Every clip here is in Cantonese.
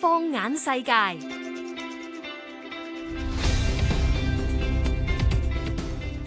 放眼世界。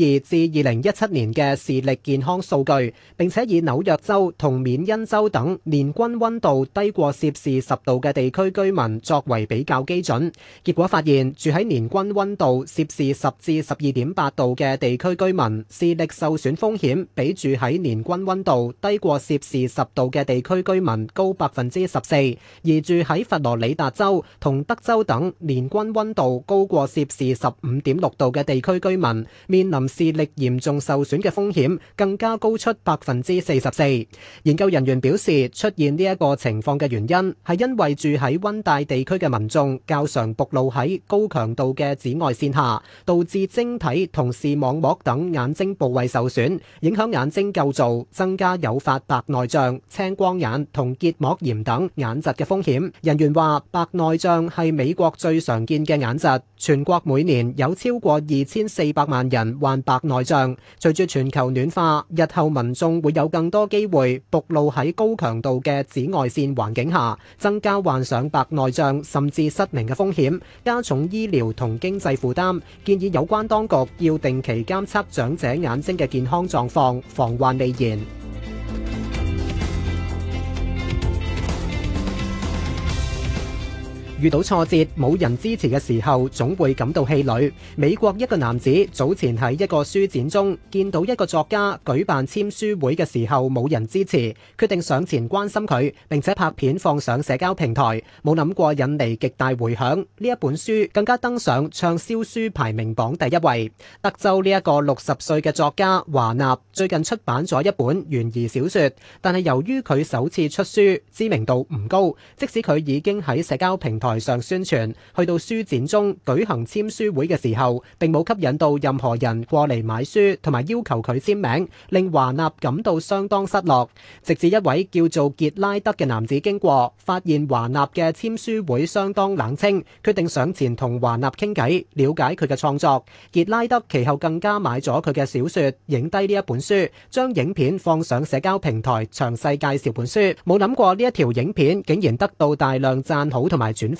二至二零一七年嘅視力健康數據，並且以紐約州同緬因州等年均温度低過攝氏十度嘅地區居民作為比較基準，結果發現住喺年均温度攝氏十至十二點八度嘅地區居民視力受損風險比住喺年均温度低過攝氏十度嘅地區居民高百分之十四，而住喺佛羅里達州同德州等年均温度高過攝氏十五點六度嘅地區居民，面臨。視力嚴重受損嘅風險更加高出百分之四十四。研究人員表示，出現呢一個情況嘅原因係因為住喺溫帶地區嘅民眾較常暴露喺高強度嘅紫外線下，導致晶體同視網膜等眼睛部位受損，影響眼睛構造，增加誘發白內障、青光眼同結膜炎等眼疾嘅風險。人員話，白內障係美國最常見嘅眼疾，全國每年有超過二千四百萬人患。白內障，隨住全球暖化，日後民眾會有更多機會暴露喺高強度嘅紫外線環境下，增加患上白內障甚至失明嘅風險，加重醫療同經濟負擔。建議有關當局要定期監測長者眼睛嘅健康狀況，防患未然。遇到挫折，冇人支持嘅時候，總會感到氣餒。美國一個男子早前喺一個書展中見到一個作家舉辦簽書會嘅時候，冇人支持，決定上前關心佢，並且拍片放上社交平台，冇諗過引嚟極大迴響。呢一本書更加登上暢銷書排名榜第一位。德州呢一個六十歲嘅作家華納最近出版咗一本懸疑小說，但係由於佢首次出書，知名度唔高，即使佢已經喺社交平台。台上宣傳，去到書展中舉行簽書會嘅時候，並冇吸引到任何人過嚟買書同埋要求佢簽名，令華納感到相當失落。直至一位叫做傑拉德嘅男子經過，發現華納嘅簽書會相當冷清，決定上前同華納傾偈，了解佢嘅創作。傑拉德其後更加買咗佢嘅小說，影低呢一本書，將影片放上社交平台，詳細介紹本書。冇諗過呢一條影片竟然得到大量讚好同埋轉發。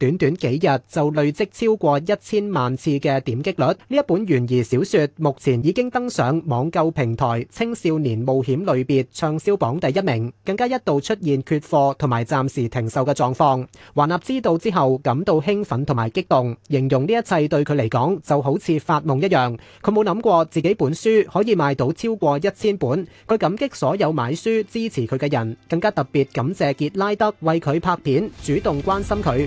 短短幾日就累積超過一千萬次嘅點擊率，呢一本懸疑小說目前已經登上網購平台青少年冒險類別暢銷榜第一名，更加一度出現缺貨同埋暫時停售嘅狀況。華納知道之後感到興奮同埋激動，形容呢一切對佢嚟講就好似發夢一樣。佢冇諗過自己本書可以賣到超過一千本，佢感激所有買書支持佢嘅人，更加特別感謝傑拉德為佢拍片，主動關心佢。